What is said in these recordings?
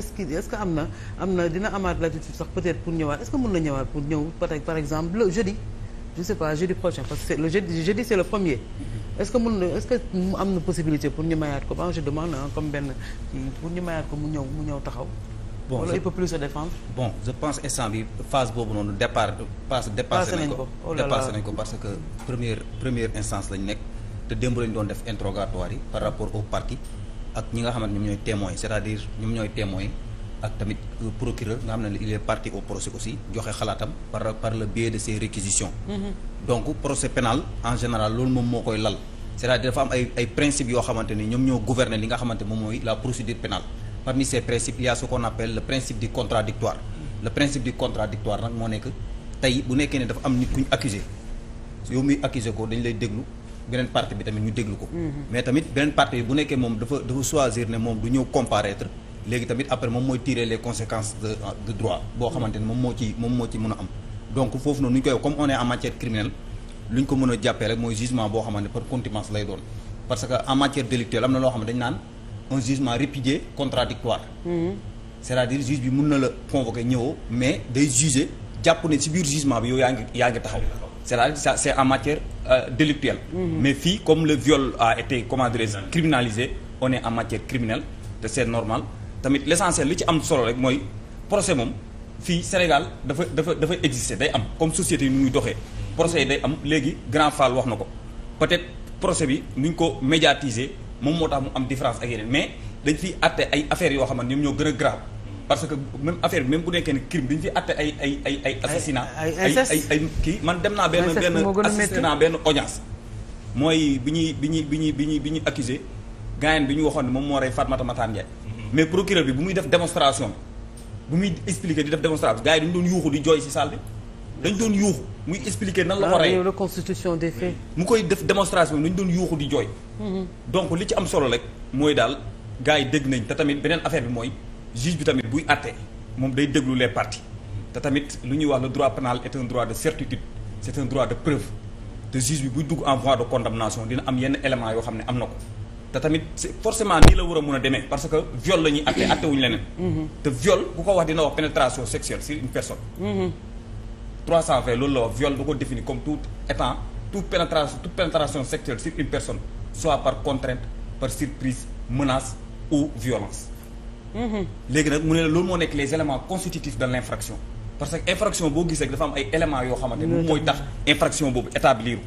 est-ce que est-ce am na am na dina amaat latitude sax peut-être pour ñëwaat est-ce que mën na ñëwaat pour ñëw par exemple le jeudi je pas jeudi prochain parce ce que pense instant bi phase boobu noonu départ passe dépassé nañ ko oh dépassé nañ ko parce que première instance lañ nekk te démb lañ doon def interrogatoire par rapport au parquet. ak ñi nga xamante ñoom ñooy témoin c'est-à-dire ñoom ñooy témoin ak tamit euh, procureur nga xam ne il est parti au procès aussi joxe xalaatam par par le biais de ses réquisitions mm-hmm. donc procès pénal en général loolu moom moo koy lal c'est-à-dire dafa am ay ay yoo xamante ni ñoom ñoo gouverner li nga xamante moom mooy la procédure pénale parmi ces principes il y a ce qu'on appelle le principe du contradictoire le principe du contradictoire bu nekkee ne dafa am nit kuñ accusé yow muy beneen parti bi tamit ñu déglu ko. Mhm. mais tamit beneen parti bi bu nekkee moom dafa dafa choisir ne moom du ñëw comparaître léegi tamit après moom mooy tirer les conséquences de de droit boo xamante ne moom moo ci moom moo ci mën a am. donc foofu noonu ñu koy comme on est en matière criminelle lu ñu ko mën a jàppee rek mooy jugement boo xamante ne par contumace lay doon parce que en matière délictuelle am na loo xam ne dañu naan un jugement répudié contradictoire mhm. c'est-à-dire bi mën na la convoquer ñëwoo mais day juger jàpp ne ci biir jugement bi yow yaa ngi yaa ngi c'est-à-dire c'est en matière euh, délictuelle. Mhm. mais fii comme le viol a été comment dirais-je criminalisé on est en matière criminelle te c'est normal tamit l'essentiel li ci am solo rek mooy procès moom fii Sénégal dafa dafa dafa exister day am comme société yi nu muy doxee. procès yi day am léegi Grand Fall wax na ko peut-être procès bi nu ñu ko médiatiser moom moo tax mu am différence ak yeneen mais dañ fiy àtte ay affaires yoo xam ne ñoom ñoo gën a grave. parce que même affaire bi même bu nekkee ne crime dañu fi àtte ay ay ay ay ay kii man dem naa benn benn assisté naa benn audience mooy bi ñuy bi ñuy bi ñuy bi ñuy bi ñuy accusé gaayen bi ñu waxoon ne moom moo rey Fatmata Matar Ndiaye mhm. mais procureur bi bu muy def démonstration bi bu muy expliquer di def démonstration gars yi dañu doon yuuxu di jooy si salle bi dañ doon yuuxu muy expliquer nan la ko ah, rey reconstitution des mu koy def démonstration bi dañu doon yuuxu di jooy mhm. donc li ci am solo rek mooy daal gars yi dégg nañ te tamit beneen affaire bi mooy juge bi tamit buy àtte moom day déglu les parties te tamit lu ñuy wax la droit pénal est un droit de certitude c'est un droit de preuve te juge bi buy dugg en de condamnation dina am yenn éléments yoo xam ne am na ko te tamit forcément nii la war a mën a demee parce que viol la ñuy àtte àtte wuñu leneen mm-hmm. te viol ku ko wax dina wax pénétration sexuelle sur une personne 320 mm-hmm. loolu la wax viol da ko définir comme tout étant toute pénétration toute pénétration sexuelle sur une par contrainte par surprise menace ou léegi nag mu ne la loolu moo nekk les éléments constitutifs de l' infraction parce que infraction boo gis rek dafa am ay éléments yoo xamante moom mooy tax infraction boobu établir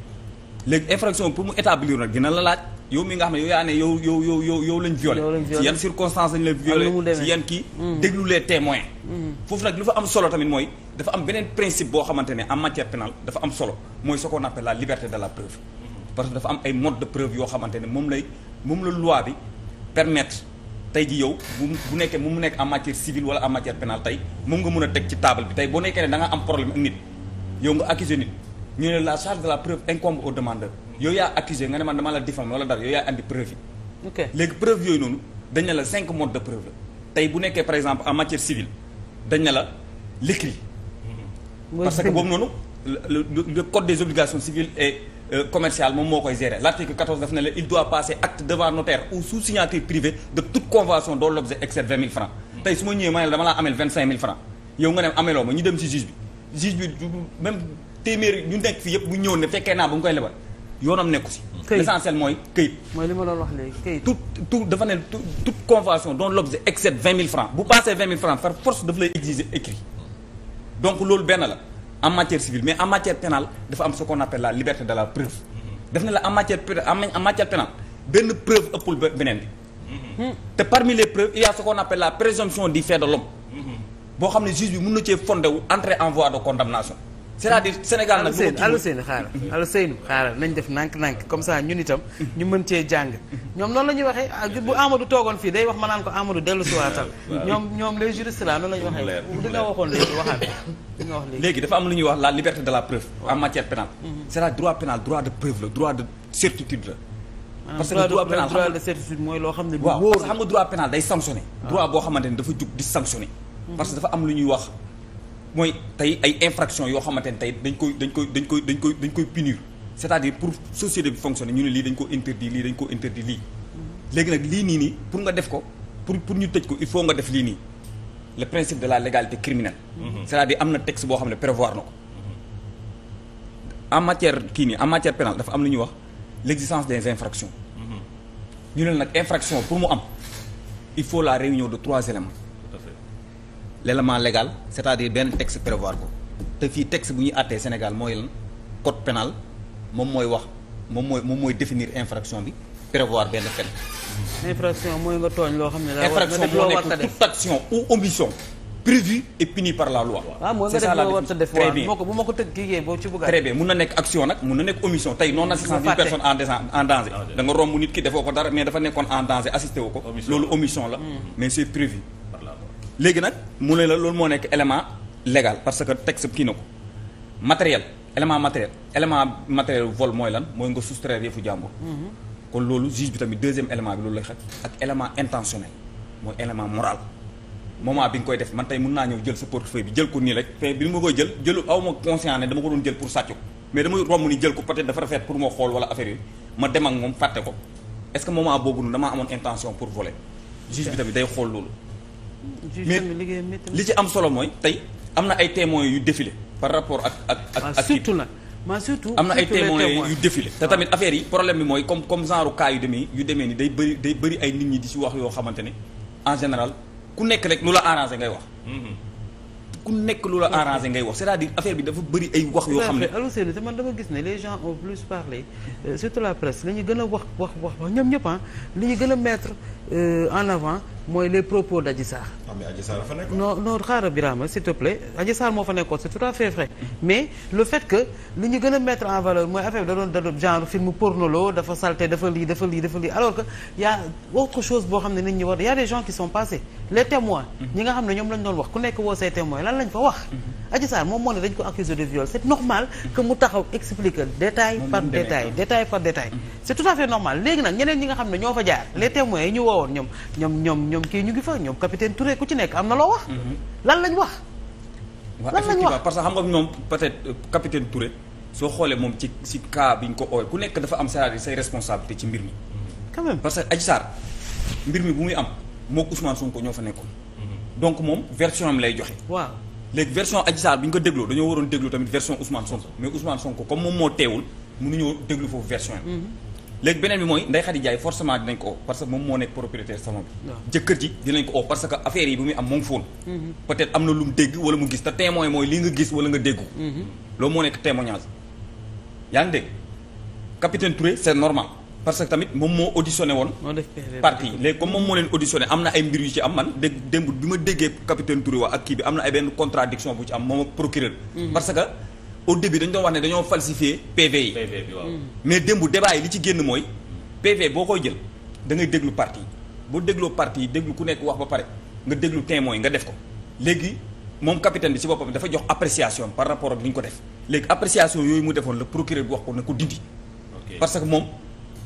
léegi infraction pour mu nag dina la laaj yow mi nga xam ne yow yaa ne yow yow yow yow yow lañ violé si yan circonstances lañ la violé si yan kii mm-hmm. déglu les témoins mm-hmm. foofu fa am solo tamit mooy dafa am beneen principe boo xamante ne en matière pénale dafa am solo mooy ce qu'on la liberté de la preuve mm-hmm. parce que dafa am ay mode de preuve yoo xamante ne moom lay moom la loi bi permettre tey ji yow bu bu nekkee mu nekk en matière civile wala en matière pénale tey moom nga mën a teg ci table bi tey boo nekkee ne da nga am problème ak nit yow nga accusé nit ñu ne la charge de la preuve incombe au demandeur yow yaa accusé nga ne man dama la diffamé wala dara yow yaa andi preuve yi ok yooyu noonu dañ ne la cinq modes de preuve la tey bu nekkee par exemple en matière civile dañ ne la l'écrit parce que boobu noonu le code des obligations civiles Euh, commercial moom moo koy gérer l' article 14 daf ne la il doit passer acte devant notaire ou sous signature privée de toute convention ne la yëpp bu ñëw ne fekkee naa ba mu koy mooy këyit mooy li ma doon wax léegi dafa ne toute convention dont l'objet excède vingt mille francs bu passé vingt mille francs par force daf lay exiger écrit donc loolu benn la en matière civile mais en matière pénale dafa am ce qu'on appelle la liberté de la preuve def na la en matière en matière pénale benn preuve ëppul beneen bi mhm. te parmi les preuves il y a ce la présomption du fait de l'homme mhm. boo xam ne juge bi mën na cee fondé wu entrer en de condamnation cest Sénégal nag. Alou Seynou xaaral Alou Seynou xaaral nañ def nànk-nànk comme ça ñun itam ñu mën cee jàng ñoom noonu la ñuy waxee ah, bu Amadou toogoon fii day wax ma naan ko Amadou dellu si waatal. ñoom ñoom les juristes noonu la waxee. waxoon léegi waxaat di nga léegi. am lu ñuy wax la liberté de la preuve en matière pénale. Mhm. c'est-à-dire droit pénal droit de preuve la droit de certitude la. parce que droit pénal droit de certitude mooy loo xam ne. du wóor xam nga droit pénal day sanctionné. Ah. droit boo xamante ni dafa jug di sanctionné. Mhm. parce que dafa lu ñuy wax mooy tey ay infraction yoo xamante ne tey dañ koy dañ koy dañ koy dañ koy dañ koy punir c'est-à-dire pour société bi fonctionner ñu ne lii dañ ko interdit lii dañ ko interdit lii léegi nag lii nii nii pour nga def ko pour pour ñu tëj ko il faut nga def lii nii le principe de la légalité criminelle mhm. c'est-à-dire am na texte boo xam ne prévoir na ko mhm. en matière kii nii en matière pénale dafa am lu ñuy wax l'existence des infractions mhm. ñu ne nag infraction pour mu am il faut la réunion de trois éléments l'élément légal c'est-à-dire benn texte prévoir ko te fii texte bu ñuy àttee Sénégal mooy lan code pénal moom mooy wax moom mooy moom mooy définir infraction bi prévoir benn fen infraction mooy nga tooñ loo xam infraction moo ki defoo ko dara mais dafa nekkoon en danger assisté loolu omission la hmm. mais c'est prévu. léegi nag mu ne la loolu moo nekk élément légal parce que teg texte kii na ko matériel élément matériel élément matériel vol mooy lan mooy nga soustraire yëfu jàmbur. Mm-hmm. kon loolu juge bi tamit deuxième élément bi loolu lay xaj ak élément intentionnel mooy élément moral moment bi nga koy def man tey mun naa ñëw jël sa portefeuille bi jël ko nii rek te bi ma koy jël jëlu aw ma conscient ne dama ko doon jël pour sàcc ko mais dama romb ni jël ko peut-être dafa rafet pour moo xool wala affaire yi ma dem ak moom fàtte moment boobu noonu damaa intention pour voler juge bi tamit xool loolu li ci am solo mooy tey am na ay témoins yu défilé par rapport ak ak ak ah, ak surtout nag ma ah, surtout am na ay témoins yu défilé te ah. tamit affaire yi problème bi mooy comme comme genre cas yu demee yu demee ni day bëri day bëri ay nit ñi di ci wax yoo xamante ne en général ku nekk rek lu la arrangé ngay wax mhm. ku nekk lu la arrangé ngay wax c'est-à-dire affaire bi dafa bëri ay wax yoo xam ne Alou Seynou man dama gis ne les gens ont plus parlé euh, surtout la presse la ñu gën a wax wax wax wax ñoom ñëpp li ñu gën a mettre euh, en avant mooy les propos d' ah, Adji s' moo fa nekkoon c' est tout à fait vrai mais le fait que li ñu a mettre en valeur mooy affaire a autre chose a des gens qui sont passés les témoins. Mhm. ñi nekk woo say témoins lan lañ fa wax. Mhm. Adji moom moo ne dañ ko accusé de viol c' normal que mu taxaw expliquer détail par détail détail par détail. Mhm. c' tout à fait normal léegi nag ñeneen ñi nga xam ne ñoo fa jaar les témoins yi ñu woowoon ñoom ñoom ñoom ñoom kii ñu ngi fa ñoom capitaine Touré ku ci nekk am na loo wax. Mhm. lan lañ wax. lan lañ wax parce que xam nga ñoom peut-être euh, capitaine Touré soo xoolee moom ci ci cas bi ñu ko ooy ku nekk dafa am c'est-à-dire say responsabilité ci mbir mi. quand même parce que Adji Sarr mbir mi bu muy am moog Ousmane Sonko ñoo fa nekkoon. Mhm. donc moom version am lay joxe. waaw léegi version Adji Sarr bi ñu ko dégloo dañoo waroon déglu tamit version Ousmane Sonko mais Ousmane Sonko comme moom moo teewul mënuñoo déglu foofu version am. Mhm. léegi beneen bi mooy Ndeye Khady Ndiaye forcément dinañ ko oo parce que moom moo nekk propriétaire salon bi jëkkër ji dinañ ko oo parce que affaire yi bi muy am moo ngi mm-hmm. peut-être am na lu mu dégg wala mu gis te témoin mooy li nga gis wala nga dégg mm-hmm. loolu moo nekk témoignage yaa ngi dégg capitaine Touré c'est normal parce que tamit moom moo auditionné woon parti yi léegi comme moom moo leen auditionné am na ay mbir yu ci am man dégg démb bi ma déggee capitaine kii bi am na ay benn contradiction bu ci am moom ak au début dañu doon wax ne dañoo falsifier PV yi. PV hmm. mais démb débat yi li ci génn mooy PV boo koy jël da ngay déglu parti boo dégloo parti yi déglu ku nekk wax ba pare nga déglu témoin nga def ko léegi moom capitaine bi ci boppam dafa jox appréciation par rapport ak li ñu ko def léegi appréciation yooyu mu defoon la procureur bi wax ko na ko dindi. parce que moom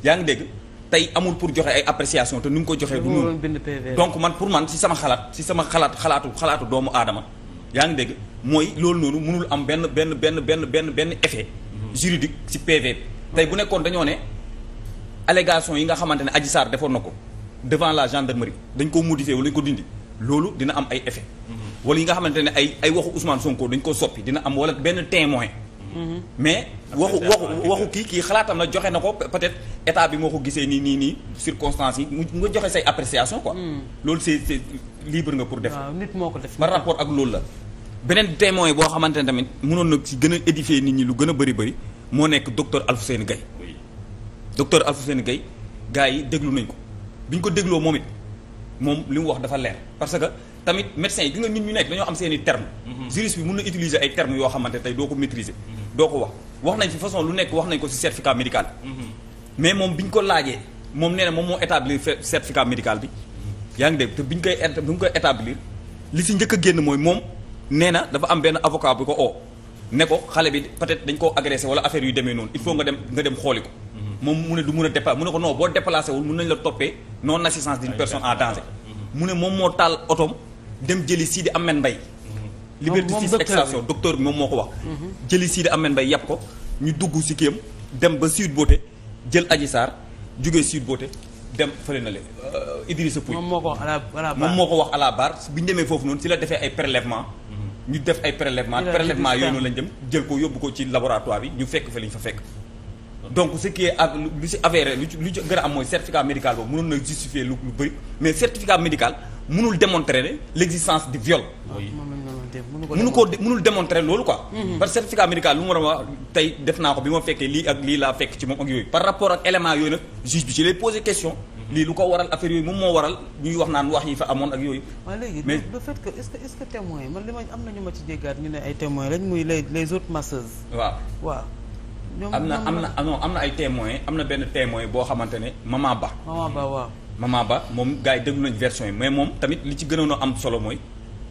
yaa ngi dégg tey amul pour joxe ay appréciation te nu ñu ko joxee. du noonu donc man pour man ci sama xalaat ci sama xalaat xalaatu xalaatu doomu aadama. yaa ngi dégg mooy loolu noonu mënul am benn benn benn benn benn benn effet juridique ci PV bi tey bu nekkoon dañoo ne allégation yi nga xamante ne Adji saar defoon na ko devant la gendarmerie dañ ko modifié wala dañ ko dindi loolu dina am ay effet mm-hmm. wala yi nga xamante ne ay ay waxu usman Sonko dañ ko soppi dina am wala benn témoin mm-hmm. mais waxu waxu waxu kii kii xalaatam na joxe na ko peut-être état bi moo ko gisee nii nii nii circonstances yi mu nga joxe say appréciation quoi mm. loolu c'est libre nga pour def nit moo ko def par rapport ak loolu la beneen témoin boo xamante ne tamit mënoon na ci gën a édifier nit ñi lu gën a bëri bëri moo nekk docteur Alfousseyni Gaye docteur Alfousseyni Gaye gars yi déglu nañ ko bi ñu ko dégloo moom it moom li mu wax dafa leer parce que tamit médecins yi gi nga nit ñu nekk dañoo am seen i terme mhm. bi mun na utiliser ay termes yoo xamante tey doo ko maîtriser doo ko wax wax nañ fi façon lu nekk wax nañ ko ci certificat médical mhm. yaa ngi dem te bi ñu koy bi ñu koy li si njëkk a génn mooy moom nee na dafa am benn avocat bu ko oo ne ko xale bi peut-être dañ koo agressé wala affaire yu demee noonu il faut nga dem nga dem xooli ko. Mhm. moom mu ne du mun a dépa mu ne ko non boo déplacé wul mun nañ la toppee non assistance d'une personne en danger. Mhm. mu ne moom moo taal otoom dem jëli sii Ahmed Mbaye liberté six extension docteur bi moom moo ko wax. Mhm. jëli Sidi Ahmed Mbaye yàpp ko ñu dugg si kéem dem ba Sweet boote jël aji Sarr jugee Sweet Beauté dem fële na le euh, Idrissa Pouye. moom la à la moom moo ko wax à bi ñu foofu noonu si la defee ay prélèvement mhm. ñu def ay prélèvement prélèvement yooyu lañ dem jël ko yóbbu ko ci laboratoire bi ñu fekk fa ñu fa fekk. donc ce qui ak lu si avéré lu ci gën a am mooy certificat médical boobu mënoon na justifier lu lu mais certificat médical mënul démontrer ne l' existence mënu koo mënul démontrer loolu quoi mhm. parce que certificat lu mu war a wax tey def naa ko bi ma fekkee lii laa fekk ci moom ak yooyu par rapport ak élément yooyu nag juge bi ci lay poser question lii lu ko waral affaire yooyu moom moo waral ñuy wax naan wax yi fa amoon ak yooyu. man li ma am na ñu ma ci déggaat ñu ne ay témoins lañ muy les autres masseuses. waaw am na am na ah non am na ay témoins am na benn témoin boo xamante ne maman Ba. maman Ba mhm. waaw. maman Ba moom gars yi déglu nañ version yi mais moom tamit li ci gënoon a am solo mooy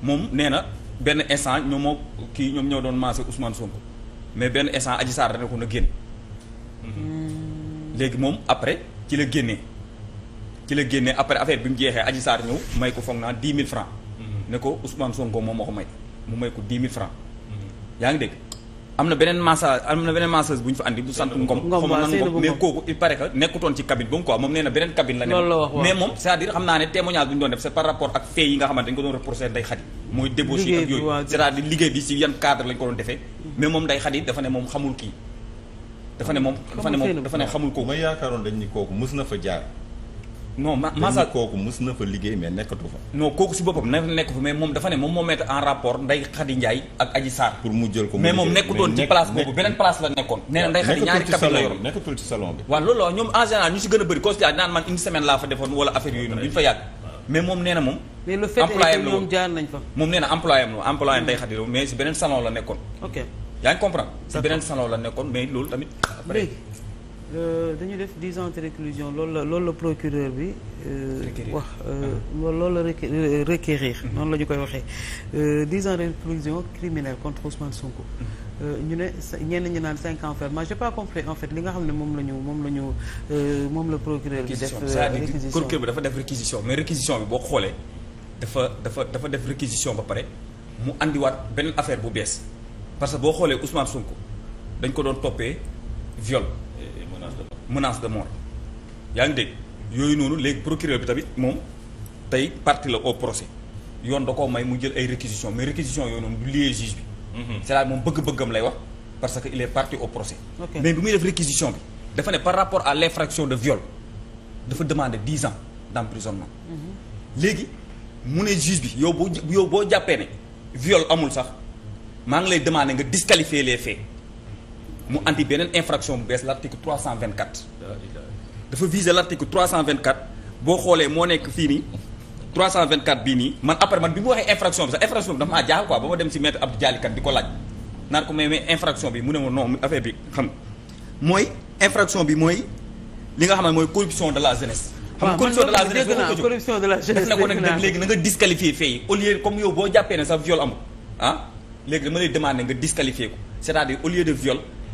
moom nee na. benn instant ñoom moo kii ñoom ñoo doon maase Ousmane Sonko mais benn instant Adji Sarr dana ko na génn léegi moom après ci la génnee ci la génnee après affaire bi mu jeexee Adji saar ñëw may ko foog naa dix mille francs mm-hmm. ne ko Ousmane Sonko moom moo ko may mu may ko dix mille francs mm-hmm. yaa ngi dégg am na beneen massage am na beneen masseuse bu ñu fa andi bu sant Ngom Ngom mais kooku il paraît que nekkutoon ci cabine ba mu quoi moom nee na beneen cabine la ne mais moom c'est-à-dire xam naa ne témoignage bu ñu doon def c'est par rapport ak fee yi nga xamante dañ ko doon reproché Ndeye Khady mooy débauché ak yooyu cest à liggéey bi si yan cadre lañ ko doon defee mais moom Ndeye Khady dafa ne moom xamul kii dafa ne moom dafa ne xamul kooku ma yaakaaroon no ma Massa kooku mus na fa liggéey mais nekkatu fa. non kooku si boppam nekk fa mais moom dafa ne moom moo mettre en rapport Ndeye Khady Ndiaye ak Adji Sarr. pour mu jël ko mais moom nekkutoon ci place boobu beneen place la nekkoon. nee na loolu la ñoom en si gën a bëri consulat naan man une semaine laa fa defoon wala affaire yooyu noonu duñ fa mais moom nee moom. mais le fait est que ñoom jaar moom nee na employé mais si beneen salon la nekkoon. yaa ngi comprendre si beneen salon la nekkoon mais loolu tamit Euh, dañu def dix ans de réclusion loolu la loolu la procureur bi euh, wax euh, lool la requérir mm-hmm. noonu la ñu koy waxee dix ans de réclusion criminelle contre Ousmane Sonko mm-hmm. ñu ne ñenn ñu naan cinq ans ferme moi j'ai pas compris en fait li nga xam ne moom la ñu moom la ñu moom la procureur bi def réquisition bi dafa def réquisition mais réquisition bi boo xoolee dafa dafa dafa def réquisition ba pare mu indiwaat beneen affaire bu bees parce que boo xoolee Ousmane Sonko dañ ko doon toppee viol menace de mort yaa ngi dégg yooyu noonu léegi procureur bi tamit moom tey partie la au procès yoon da koo may mu jël ay réquisition mais réquisition yooyu noonu du lié juge bi mhm. cest moom bëgg-bëggam lay wax parce que il est parti au procès okay. mais bi muy def réquisition bi dafa ne par rapport à l'infraction de viol dafa demander dix ans d'emprisonnement mhm. léegi mu ne juge bi yow boo yow boo jàppee ne viol amul sax maa ngi lay demande nga disqualifier les faits mu andi beneen infraction bu bees l' article 324. dafa viser cent article 324 boo xoolee moo nekk fii nii 324 bii nii man après man bi mu waxee infraction bi sax infraction bi dafa maa jaaxal quoi ba ma dem si maître Abdou Dialikat di ko laaj bi mu ne ma non affaire bi xam mooy infraction bi mooy li nga xam ne mooy corruption de la jeunesse. xam corruption de la corruption de la jeunesse def na léegi na nga disqualifier fee au lieu comme yow boo jàppee ne sax viol amul ah léegi dama lay demander nga disqualifier ko c'est-à-dire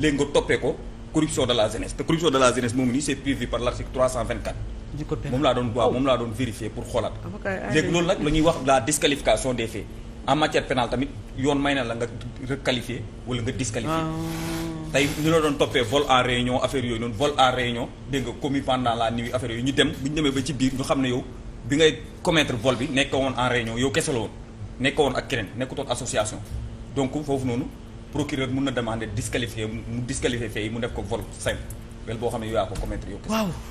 léegi nga toppee ko corruption de la jeunesse te corruption de la jeunesse moom nii c'est prévu par l'article 324. du code pénal moom laa doon waaw oh. moom laa doon vérifier pour xoolaat. Ah, léegi loolu nag la ñuy wax la disqualification des faits en matière pénale tamit yoon may na la nga requalifier wala nga disqualifier. Ah. tey ñu la doon toppee vol en réunion affaire yooyu noonu vol en réunion dégg nga commis pendant la nuit affaire yooyu ñu dem bu ba ci biir ñu xam ne yow bi ngay commettre vol bi nekk woon en réunion yow kese la woon nekk woon ak keneen nekkutoon association donc noonu. procureur mun na demander disqualifier mu disqualifier fee mu def ko vol simple wel boo xam ne yaa ko commettre yow. waaw